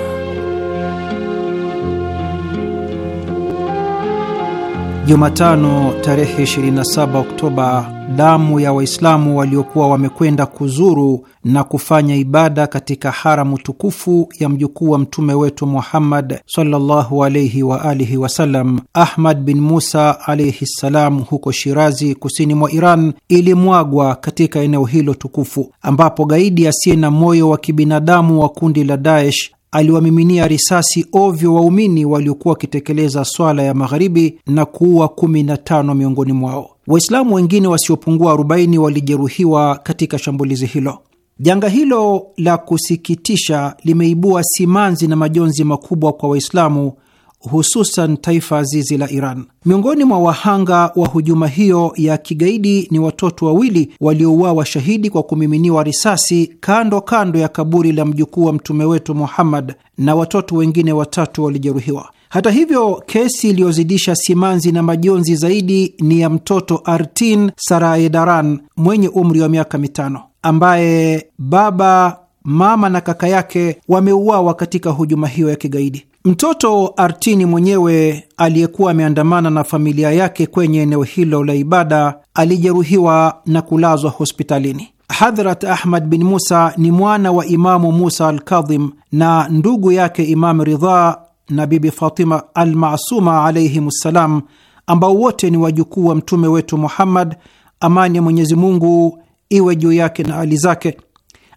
Jumatano tarehe 27 Oktoba, damu ya Waislamu waliokuwa wamekwenda kuzuru na kufanya ibada katika haramu tukufu ya mjukuu wa mtume wetu Muhammad sallallahu alayhi wa alihi wasallam, Ahmad bin Musa alayhi ssalam, huko Shirazi, kusini mwa Iran, ilimwagwa katika eneo hilo tukufu, ambapo gaidi asiye na moyo wa kibinadamu wa kundi la Daesh aliwamiminia risasi ovyo waumini waliokuwa wakitekeleza swala ya magharibi na kuua 15 miongoni mwao. Waislamu wengine wasiopungua 40 walijeruhiwa katika shambulizi hilo. Janga hilo la kusikitisha limeibua simanzi na majonzi makubwa kwa Waislamu hususan taifa azizi la Iran. Miongoni mwa wahanga wa hujuma hiyo ya kigaidi ni watoto wawili waliouawa shahidi kwa kumiminiwa risasi kando kando ya kaburi la mjukuu wa mtume wetu Muhammad, na watoto wengine watatu walijeruhiwa. Hata hivyo, kesi iliyozidisha simanzi na majonzi zaidi ni ya mtoto Artin Sarayedaran mwenye umri wa miaka mitano ambaye baba mama na kaka yake wameuawa katika hujuma hiyo ya kigaidi. Mtoto Artini mwenyewe aliyekuwa ameandamana na familia yake kwenye eneo hilo la ibada alijeruhiwa na kulazwa hospitalini. Hadhrat Ahmad bin Musa ni mwana wa Imamu Musa Alkadhim na ndugu yake Imamu Ridha na Bibi Fatima Almasuma alaihim ssalam, ambao wote ni wajukuu wa mtume wetu Muhammad, amani ya Mwenyezi Mungu iwe juu yake na ali zake.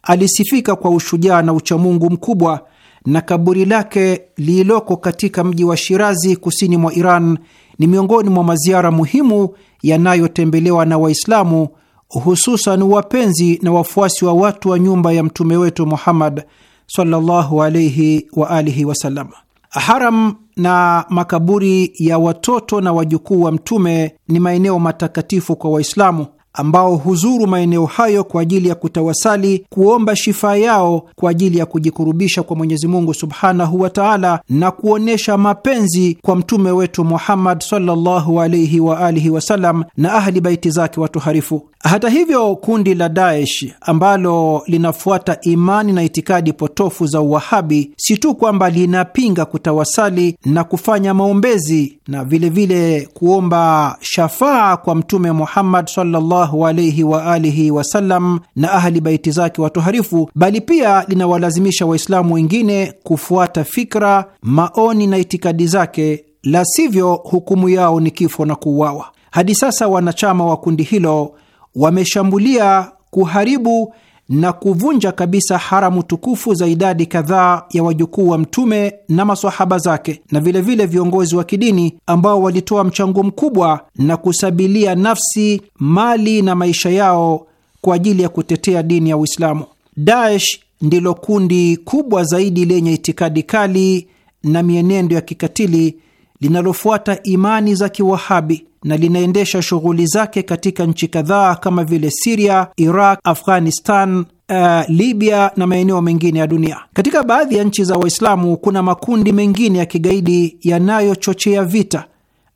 Alisifika kwa ushujaa na uchamungu mkubwa, na kaburi lake lililoko katika mji wa Shirazi kusini mwa Iran ni miongoni mwa maziara muhimu yanayotembelewa na Waislamu, hususan wapenzi na wafuasi wa watu wa nyumba ya mtume wetu Muhammad sallallahu alayhi wa alihi wasallam. Haram na makaburi ya watoto na wajukuu wa mtume ni maeneo matakatifu kwa Waislamu ambao huzuru maeneo hayo kwa ajili ya kutawasali, kuomba shifa yao kwa ajili ya kujikurubisha kwa Mwenyezi Mungu subhanahu wa taala na kuonyesha mapenzi kwa mtume wetu Muhammad sallallahu alaihi wa alihi wasallam na ahli baiti zake watuharifu. Hata hivyo, kundi la Daesh ambalo linafuata imani na itikadi potofu za Uwahabi si tu kwamba linapinga kutawasali na kufanya maombezi na vilevile vile kuomba shafaa kwa Mtume Muhammad sallallahu alaihi wa alihi wasallam na ahli baiti zake watoharifu, bali pia linawalazimisha Waislamu wengine kufuata fikra, maoni na itikadi zake, la sivyo hukumu yao ni kifo na kuuawa. Hadi sasa wanachama wa kundi hilo wameshambulia, kuharibu na kuvunja kabisa haramu tukufu za idadi kadhaa ya wajukuu wa Mtume na masahaba zake na vilevile vile viongozi wa kidini ambao walitoa mchango mkubwa na kusabilia nafsi, mali na maisha yao kwa ajili ya kutetea dini ya Uislamu. Daesh ndilo kundi kubwa zaidi lenye itikadi kali na mienendo ya kikatili linalofuata imani za Kiwahabi na linaendesha shughuli zake katika nchi kadhaa kama vile Siria, Iraq, Afghanistan, Uh, Libya na maeneo mengine ya dunia. Katika baadhi ya nchi za Waislamu kuna makundi mengine ya kigaidi yanayochochea vita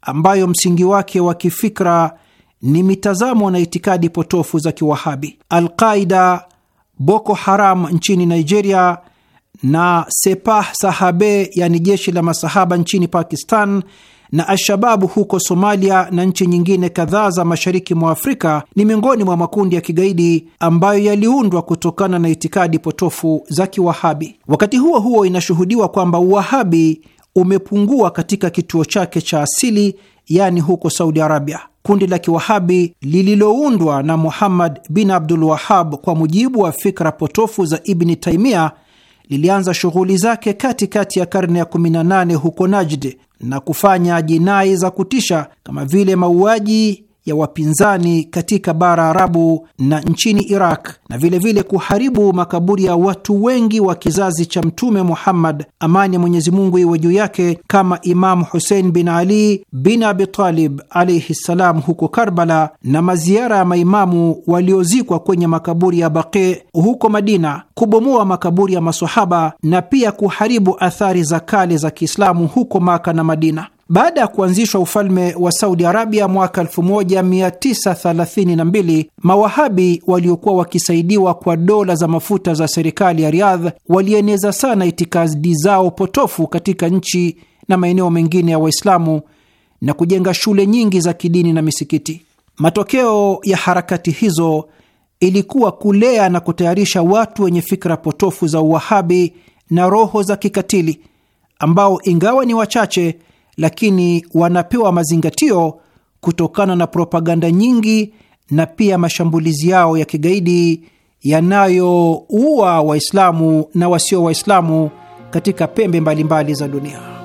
ambayo msingi wake wa kifikra ni mitazamo na itikadi potofu za Kiwahabi. al Boko Haram nchini Nigeria na Sepah Sahabe, yani jeshi la masahaba nchini Pakistan na Alshababu huko Somalia na nchi nyingine kadhaa za mashariki mwa Afrika ni miongoni mwa makundi ya kigaidi ambayo yaliundwa kutokana na itikadi potofu za Kiwahabi. Wakati huo huo, inashuhudiwa kwamba Uwahabi umepungua katika kituo chake cha asili, yaani huko Saudi Arabia. Kundi la Kiwahabi lililoundwa na Muhammad bin Abdul Wahab kwa mujibu wa fikra potofu za Ibni Taimia lilianza shughuli zake katikati kati ya karne ya 18 huko Najd na kufanya jinai za kutisha kama vile mauaji ya wapinzani katika bara Arabu na nchini Iraq na vilevile vile kuharibu makaburi ya watu wengi wa kizazi cha Mtume Muhammad, amani ya Mwenyezi Mungu iwe juu yake, kama Imamu Husein bin Ali bin Abi Talib alaihi ssalam huko Karbala na maziara ya maimamu waliozikwa kwenye makaburi ya Baqi huko Madina, kubomoa makaburi ya masahaba na pia kuharibu athari za kale za Kiislamu huko Maka na Madina. Baada ya kuanzishwa ufalme wa Saudi Arabia mwaka 1932, Mawahabi waliokuwa wakisaidiwa kwa dola za mafuta za serikali ya Riyadh walieneza sana itikadi zao potofu katika nchi na maeneo mengine ya Waislamu na kujenga shule nyingi za kidini na misikiti. Matokeo ya harakati hizo ilikuwa kulea na kutayarisha watu wenye fikra potofu za Uwahabi na roho za kikatili ambao ingawa ni wachache lakini wanapewa mazingatio kutokana na propaganda nyingi na pia mashambulizi yao ya kigaidi yanayoua Waislamu na wasio Waislamu katika pembe mbalimbali mbali za dunia.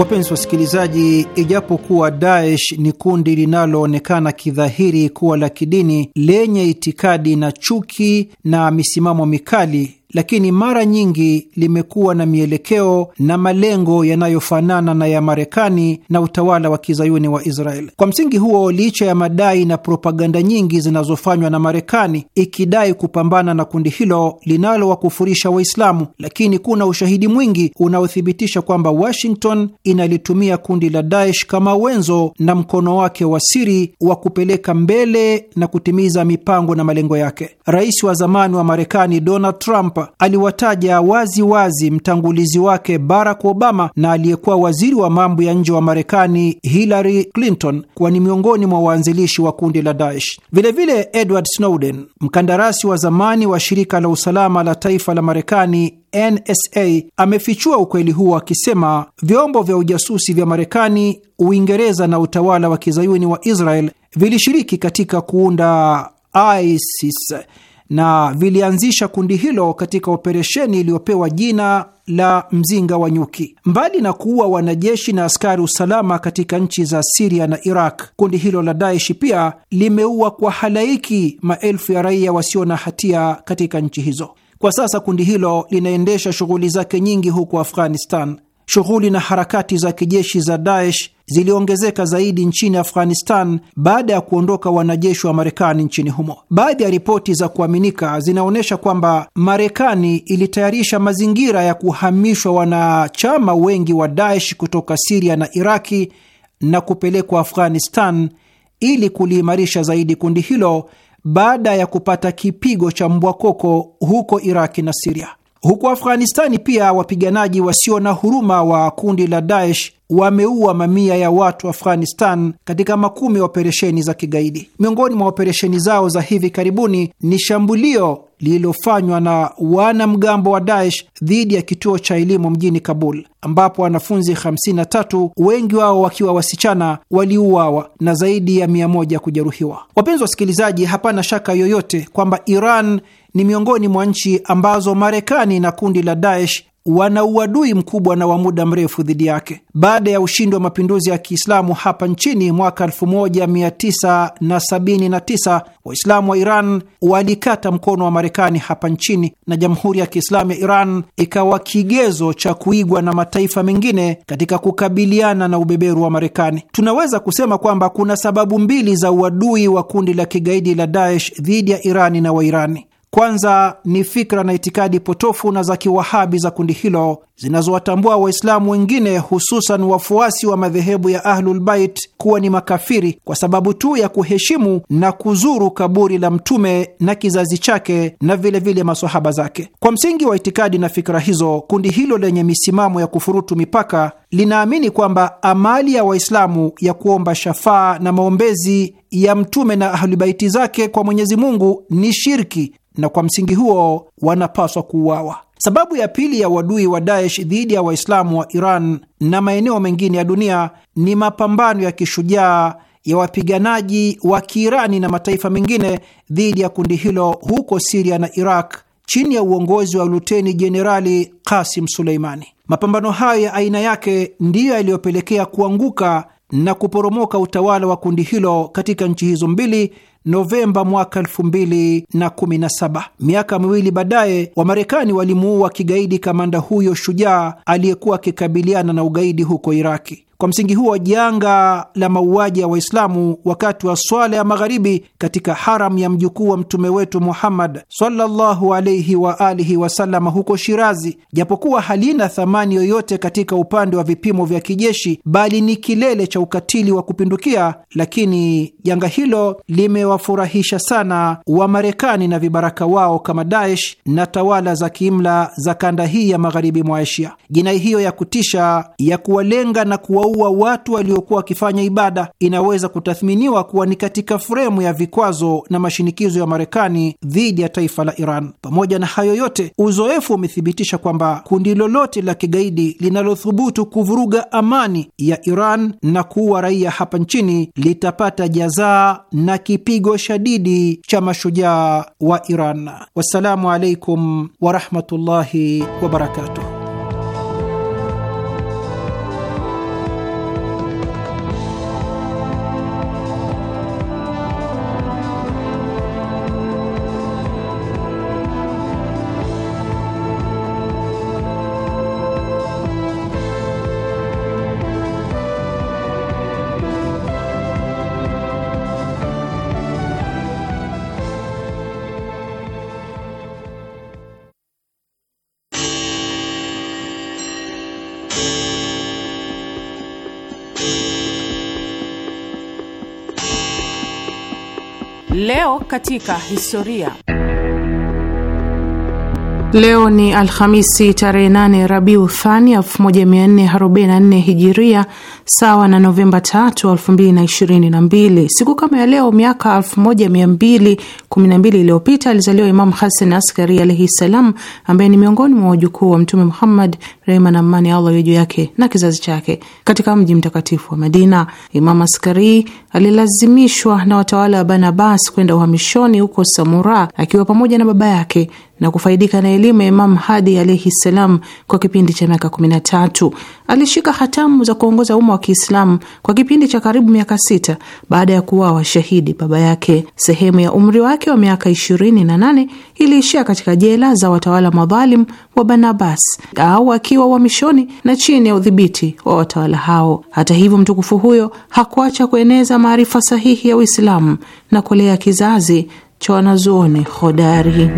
Wapenzi wasikilizaji, ijapokuwa Daesh ni kundi linaloonekana kidhahiri kuwa la kidini lenye itikadi na chuki na misimamo mikali lakini mara nyingi limekuwa na mielekeo na malengo yanayofanana na ya Marekani na utawala wa kizayuni wa Israel. Kwa msingi huo, licha ya madai na propaganda nyingi zinazofanywa na Marekani ikidai kupambana na kundi hilo linalowakufurisha Waislamu, lakini kuna ushahidi mwingi unaothibitisha kwamba Washington inalitumia kundi la Daesh kama wenzo na mkono wake wa siri wa kupeleka mbele na kutimiza mipango na malengo yake. Rais wa zamani wa Marekani Donald Trump aliwataja wazi wazi mtangulizi wake Barack Obama na aliyekuwa waziri wa mambo ya nje wa Marekani Hillary Clinton kuwa ni miongoni mwa waanzilishi wa kundi la Daesh. Vilevile Edward Snowden, mkandarasi wa zamani wa shirika la usalama la taifa la Marekani NSA amefichua ukweli huo akisema vyombo vya ujasusi vya Marekani, Uingereza na utawala wa kizayuni wa Israel vilishiriki katika kuunda ISIS na vilianzisha kundi hilo katika operesheni iliyopewa jina la mzinga wa nyuki. Mbali na kuua wanajeshi na askari usalama katika nchi za Siria na Iraq, kundi hilo la Daeshi pia limeua kwa halaiki maelfu ya raia wasio na hatia katika nchi hizo. Kwa sasa kundi hilo linaendesha shughuli zake nyingi huko Afghanistan. Shughuli na harakati za kijeshi za Daesh ziliongezeka zaidi nchini Afghanistan baada ya kuondoka wanajeshi wa Marekani nchini humo. Baadhi ya ripoti za kuaminika zinaonyesha kwamba Marekani ilitayarisha mazingira ya kuhamishwa wanachama wengi wa Daesh kutoka Siria na Iraki na kupelekwa Afghanistan ili kuliimarisha zaidi kundi hilo baada ya kupata kipigo cha mbwakoko huko Iraki na Siria huku Afghanistani pia wapiganaji wasio na huruma wa kundi la Daesh wameua mamia ya watu Afghanistan katika makumi ya operesheni za kigaidi. Miongoni mwa operesheni zao za hivi karibuni ni shambulio lililofanywa na wanamgambo wa Daesh dhidi ya kituo cha elimu mjini Kabul, ambapo wanafunzi 53 wengi wao wakiwa wasichana waliuawa na zaidi ya 100 kujeruhiwa. Wapenzi wasikilizaji, hapana shaka yoyote kwamba Iran ni miongoni mwa nchi ambazo Marekani na kundi la Daesh wana uadui mkubwa na wa muda mrefu dhidi yake. Baada ya ushindi wa mapinduzi ya Kiislamu hapa nchini mwaka 1979 Waislamu wa Iran walikata mkono wa Marekani hapa nchini na Jamhuri ya Kiislamu ya Iran ikawa kigezo cha kuigwa na mataifa mengine katika kukabiliana na ubeberu wa Marekani. Tunaweza kusema kwamba kuna sababu mbili za uadui wa kundi la kigaidi la Daesh dhidi ya Irani na Wairani. Kwanza ni fikra na itikadi potofu na za kiwahabi za kundi hilo zinazowatambua Waislamu wengine hususan wafuasi wa madhehebu ya Ahlulbait kuwa ni makafiri kwa sababu tu ya kuheshimu na kuzuru kaburi la Mtume na kizazi chake na vilevile vile zake. Kwa msingi wa itikadi na fikra hizo, kundi hilo lenye misimamo ya kufurutu mipaka linaamini kwamba amali ya Waislamu ya kuomba shafaa na maombezi ya Mtume na Ahlubaiti zake kwa Mwenyezi Mungu ni shirki na kwa msingi huo wanapaswa kuuawa. Sababu ya pili ya wadui wa Daesh dhidi ya Waislamu wa Iran na maeneo mengine ya dunia ni mapambano ya kishujaa ya wapiganaji wa Kiirani na mataifa mengine dhidi ya kundi hilo huko Siria na Iraq chini ya uongozi wa Luteni Jenerali Kasim Suleimani. Mapambano hayo ya aina yake ndiyo yaliyopelekea kuanguka na kuporomoka utawala wa kundi hilo katika nchi hizo mbili Novemba mwaka saba. Miaka miwili baadaye, Wamarekani walimuua kigaidi kamanda huyo shujaa aliyekuwa akikabiliana na ugaidi huko Iraki. Kwa msingi huo, janga la mauaji ya Waislamu wakati wa swala ya magharibi katika haram ya mjukuu wa mtume wetu Muhammad sallallahu alaihi wa alihi wasallam huko Shirazi, japokuwa halina thamani yoyote katika upande wa vipimo vya kijeshi, bali ni kilele cha ukatili wa kupindukia, lakini janga hilo limewafurahisha sana Wamarekani na vibaraka wao kama Daesh na tawala za kiimla za kanda hii ya magharibi mwa Asia. Jinai hiyo ya kutisha ya kuwalenga na kuwa kuwaua watu waliokuwa wakifanya ibada inaweza kutathminiwa kuwa ni katika fremu ya vikwazo na mashinikizo ya Marekani dhidi ya taifa la Iran. Pamoja na hayo yote, uzoefu umethibitisha kwamba kundi lolote la kigaidi linalothubutu kuvuruga amani ya Iran na kuua raia hapa nchini litapata jazaa na kipigo shadidi cha mashujaa wa Iran. Wassalamu alaikum warahmatullahi wabarakatuh. katika historia. Leo ni Alhamisi tarehe 8 Rabiu Thani 1444 Hijiria, sawa na Novemba 3, 2022. Siku kama ya leo miaka 1212 iliyopita alizaliwa Imamu Hasan Askari alaihi ssalam, ambaye ni miongoni mwa wajukuu wa Mtume Muhammad, rehma na amani ya Allah juu yake na kizazi chake. Katika mji mtakatifu wa Madina, Imamu Askari alilazimishwa na watawala wa Bani Abbas kwenda uhamishoni huko Samura akiwa pamoja na baba yake na kufaidika na elimu ya Imamu Hadi alaihi ssalam. Kwa kipindi cha miaka 13 alishika hatamu za kuongoza umma wa Kiislamu kwa kipindi cha karibu miaka sita baada ya kuuawa shahidi baba yake. Sehemu ya umri wake wa miaka 28 iliishia katika jela za watawala madhalim wa Banabas au akiwa uhamishoni na chini ya udhibiti wa watawala hao. Hata hivyo, mtukufu huyo hakuacha kueneza maarifa sahihi ya Uislamu na kulea kizazi cha wanazuoni hodari.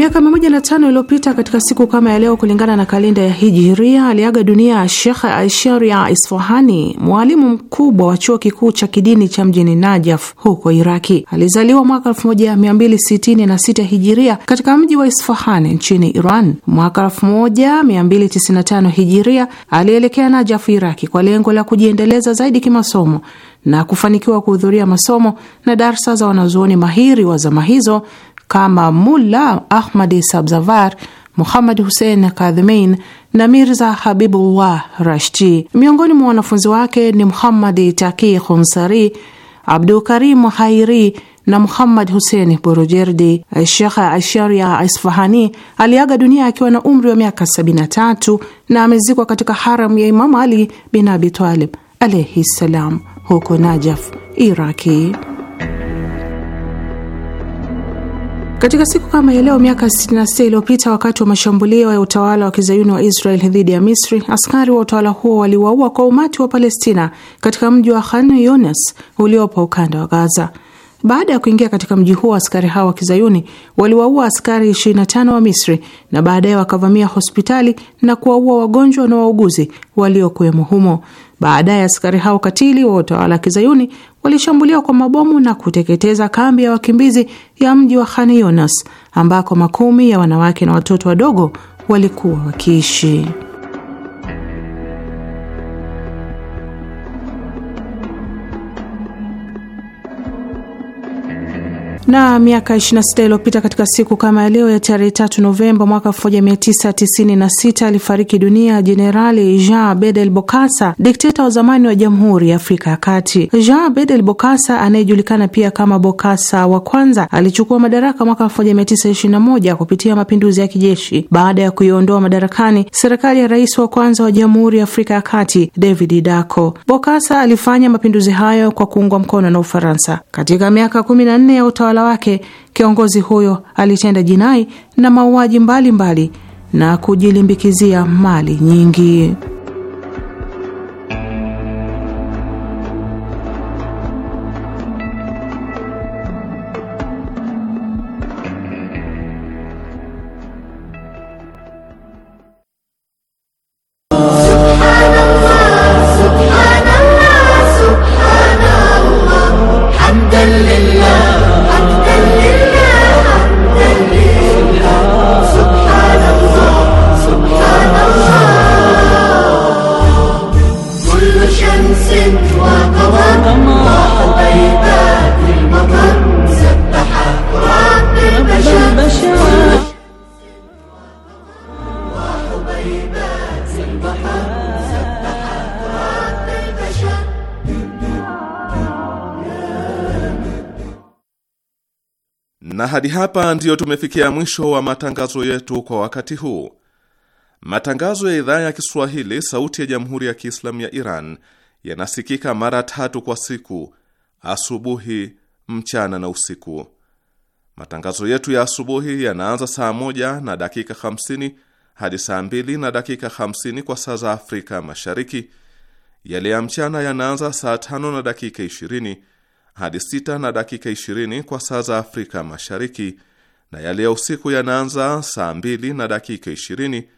Miaka mia moja na tano iliyopita katika siku kama ya leo, kulingana na kalenda ya Hijiria, aliaga dunia Shekh Alsharia Isfahani, mwalimu mkubwa wa chuo kikuu cha kidini cha mjini Najaf huko Iraki. Alizaliwa mwaka 1266 Hijiria katika mji wa Isfahani nchini Iran. Mwaka 1295 Hijiria alielekea Najaf, Iraki, kwa lengo la kujiendeleza zaidi kimasomo na kufanikiwa kuhudhuria masomo na darsa za wanazuoni mahiri wa zama hizo kama Mulla Ahmadi Sabzavar, Muhammad Hussein Kadhimin na Mirza Habibullah Rashti. Miongoni mwa wanafunzi wake ni Muhammadi Taki Khunsari, Abdul Hairi na Muhammad Hussein Borojerdi. Shekh Asharia Isfahani aliaga dunia akiwa na umri wa miaka 73 na amezikwa katika haram ya Imamu Ali bin Abi Talib alaihi ssalam huko Najaf, Iraki. Katika siku kama ya leo miaka 66 iliyopita, wakati wa mashambulio ya utawala wa kizayuni wa Israel dhidi ya Misri, askari wa utawala huo waliwaua kwa umati wa Palestina katika mji wa Khan yunus uliopo ukanda wa Gaza. Baada ya kuingia katika mji huo, askari hao wa kizayuni waliwaua askari 25 wa Misri na baadaye wakavamia hospitali na kuwaua wagonjwa na wauguzi waliokuwemo humo. Baadaye askari hao katili wa utawala wa kizayuni walishambulia kwa mabomu na kuteketeza kambi ya wakimbizi ya mji wa Khan Yunus ambako makumi ya wanawake na watoto wadogo walikuwa wakiishi. Na miaka 26 iliyopita katika siku kama leo ya tarehe 3 Novemba mwaka 1996 alifariki dunia Jenerali Jean Bedel Bokassa, dikteta wa zamani wa Jamhuri ya Afrika ya Kati. Jean Bedel Bokassa anayejulikana pia kama Bokassa wa kwanza alichukua madaraka mwaka 1921 kupitia mapinduzi ya kijeshi baada ya kuiondoa madarakani serikali ya rais wa kwanza wa Jamhuri ya Afrika ya Kati David daco Bokassa alifanya mapinduzi hayo kwa kuungwa mkono na Ufaransa. Katika miaka 14 ya utawala utawala wake kiongozi huyo alitenda jinai na mauaji mbalimbali na kujilimbikizia mali nyingi. hapa ndiyo tumefikia mwisho wa matangazo yetu kwa wakati huu. Matangazo ya idhaa ya Kiswahili sauti ya Jamhuri ya Kiislamu ya Iran yanasikika mara tatu kwa siku: asubuhi, mchana na usiku. Matangazo yetu ya asubuhi yanaanza saa moja na dakika 50 hadi saa mbili na dakika 50 kwa saa za Afrika Mashariki. Yale ya mchana yanaanza saa tano na dakika 20 hadi sita na dakika ishirini kwa saa za Afrika Mashariki, na yale ya usiku yanaanza saa mbili na dakika ishirini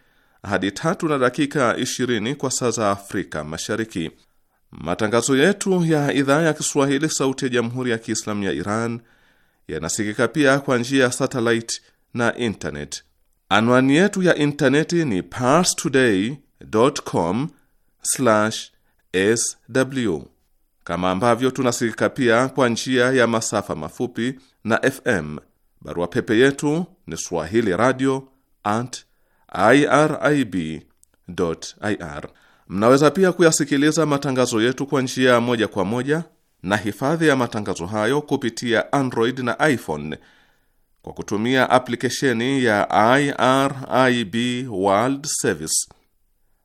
hadi tatu na dakika ishirini kwa saa za Afrika Mashariki. Matangazo yetu ya idhaa ya Kiswahili sauti ya Jamhuri ya Kiislamu ya Iran yanasikika pia kwa njia ya satellite na internet. Anwani yetu ya intaneti ni parstoday.com/sw kama ambavyo tunasikika pia kwa njia ya masafa mafupi na FM. Barua pepe yetu ni swahili radio at irib ir. Mnaweza pia kuyasikiliza matangazo yetu kwa njia moja kwa moja na hifadhi ya matangazo hayo kupitia Android na iPhone kwa kutumia aplikesheni ya IRIB World Service.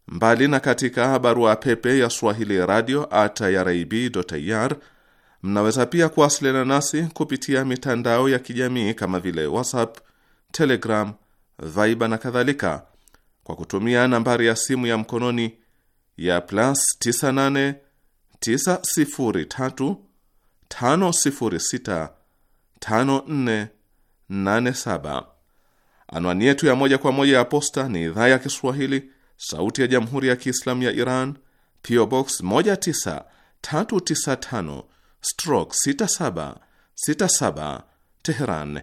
Mbali na katika barua pepe ya Swahili radio at irib.ir, mnaweza pia kuwasiliana nasi kupitia mitandao ya kijamii kama vile WhatsApp, Telegram, Viber na kadhalika kwa kutumia nambari ya simu ya mkononi ya plus 98 Anwani yetu ya moja kwa moja ya posta ni idhaa ya Kiswahili Sauti ya Jamhuri ya Kiislamu ya Iran, PO Box 19395 stroke 6767 Teheran,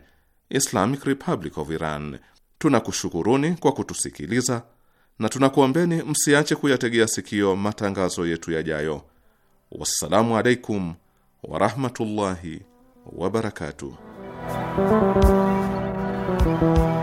Islamic Republic of Iran. Tunakushukuruni kwa kutusikiliza na tunakuombeni msiache kuyategea sikio matangazo yetu yajayo. Wassalamu alaikum warahmatullahi wabarakatuh.